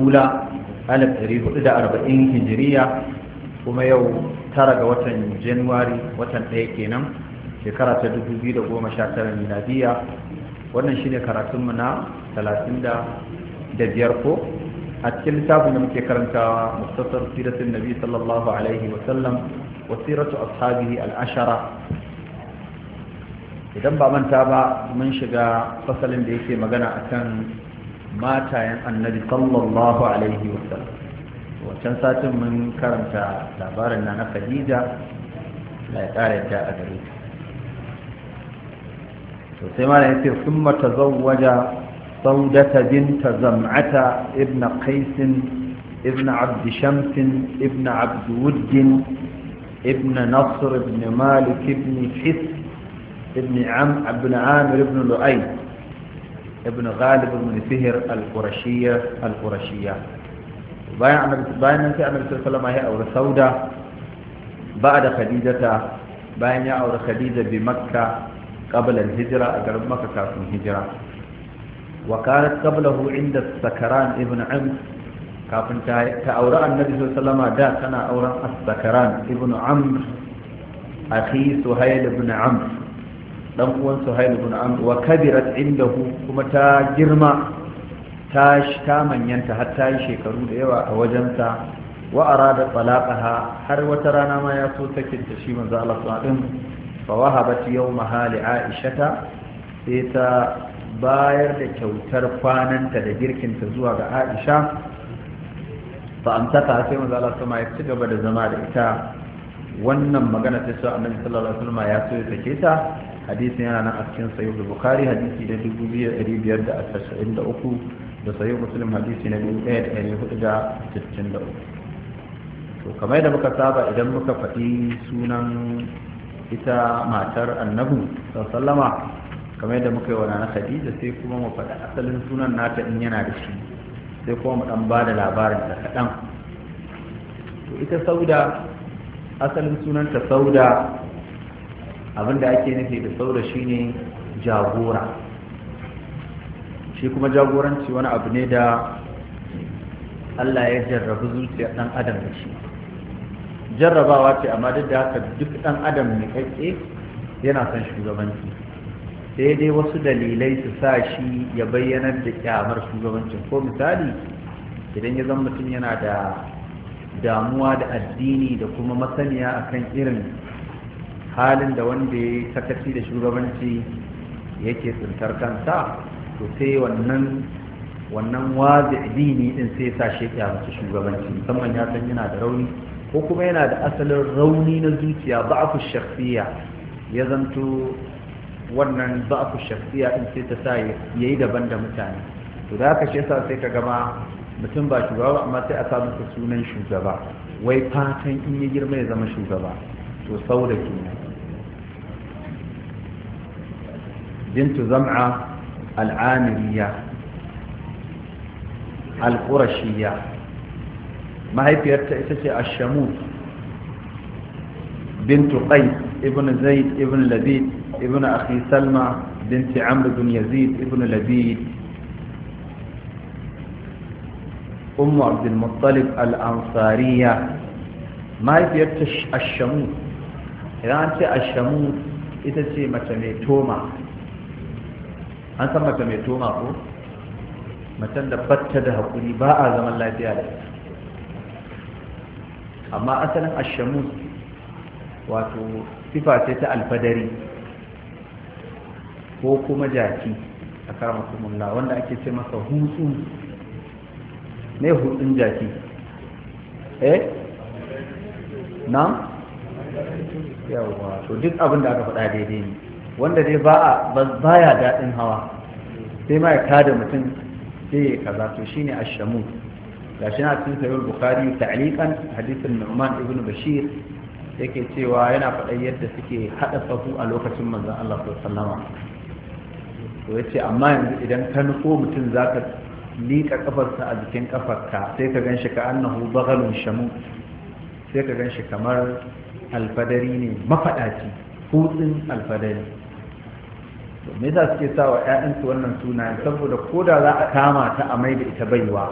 hula arba'in hijiriya kuma yau tara ga watan januwari watan ɗaya kenan shekara ta 2019 miladiya wannan shine karatunmu na biyar ko a cikin littafin da muke karantawa mustasar siratun nabi sallallahu alaihi wasallam wa siratu ashabihi al'ashara idan ba manta ba mun shiga fasalin da yake magana akan matayen annabi sallallahu alaihi wasallam wancan satin mun karanta labarin na na khadija la ya a gare to sai ma ya ce sun mata zawwaja saudata binta zam'ata ibn qais ibn abd shams ibn abd wudd ibn nasr ibn malik ibn his ibn amir ibn ابن غالب بن فهر القرشية القرشية باي عمل باي من في عمل صلى الله عليه وسلم سودة بعد خديجة باي نيا أور خديجة بمكة قبل الهجرة قبل مكة كانت الهجرة وكانت قبله عند السكران ابن عم كافن تأورا النبي صلى الله عليه وسلم دا كان أورا السكران ابن عمرو أخي سهيل ابن عمرو dan uwan suhail ibn amr wa kabirat indahu kuma ta girma ta ta manyanta har ta yi shekaru da yawa a wajensa wa arada talaqaha har wata rana ma ya so take da shi manzo Allah sallallahu alaihi wasallam fa wahabat yawmaha li aishata sai ta bayar da kyautar kwananta da girkinta zuwa ga aisha fa amsaka sai manzo Allah sallallahu alaihi ya ci gaba da zama da ita wannan magana ta sa annabi sallallahu alaihi wasallam ya so ya sake ta hadisin yana nan a cikin sayo da bukari hadisi da 2593 da sayo muslim hadisi na 1463 to kamar da muka saba idan muka faɗi sunan ita matar annabu sallama kamar yadda muka yi wa na khadija sai kuma mu faɗi asalin sunan nata in yana da shi sai kuma mu ɗan ba da labarin da kaɗan to ita sauda asalin sunanta sauda Abin da ake nufi da saura shine jagora shi kuma jagoranci wani abu ne da Allah ya jarrabu zuciyar ɗan adam da shi jarrabawa ce amma duk da haka duk ɗan adam mai kakke yana son shugabanci sai dai wasu dalilai su sa shi ya bayyanar da kyamar shugabancin ko misali idan ya zama mutum yana da damuwa da addini da kuma masaniya akan irin halin da wanda ya sakaci da shugabanci yake tsintar kansa to sai wannan wannan dini din sai sa shi ya mutu shugabanci musamman ya san yana da rauni ko kuma yana da asalin rauni na zuciya ba'afu shakhsiyya ya zanto wannan ba'afu shakhsiyya din sai ta sa yayi daban da mutane to da haka shi sai ka gama mutum ba shugaba amma sai a sa masa sunan shugaba wai fatan in ya girma ya zama shugaba to sau da kenan بنت زمعة العامرية القرشية ما هي بيرتأسة الشموس بنت قيس ابن زيد ابن لبيد ابن أخي سلمى بنت عمرو بن يزيد ابن لبيد أم عبد المطلب الأنصارية ما هي بيرتأسة الشموس إذا أنت الشموس إذا تي متى an san mace mai toma ko macen da batta da haƙuri ba a zaman lafiya da amma asalin ashamus wato sifa ce ta alfadari ko kuma jaki a karamakunmulla wanda ake ce masa hutu ne hutun jaki eh na yawa to duk abin da aka faɗa daidai ne wanda dai ba ya daɗin hawa sai ma ya kada mutum sai ya kaza to shine ashamu gashi na cikin sahih bukhari ta'liqan hadisin nu'man ibn bashir yake cewa yana faɗa yadda suke haɗa sahu a lokacin manzon Allah sallallahu to yace amma yanzu idan ka nufo mutum zaka liƙa ƙafarsa a jikin kafarka sai ka ganshi ka annahu baghalun shamu sai ka ganshi kamar alfadari ne mafaɗaci hutsin alfadari me yasa suke sa wa 'ya'yansu wannan sunayen saboda koda za a kama ta a mai da ita baiwa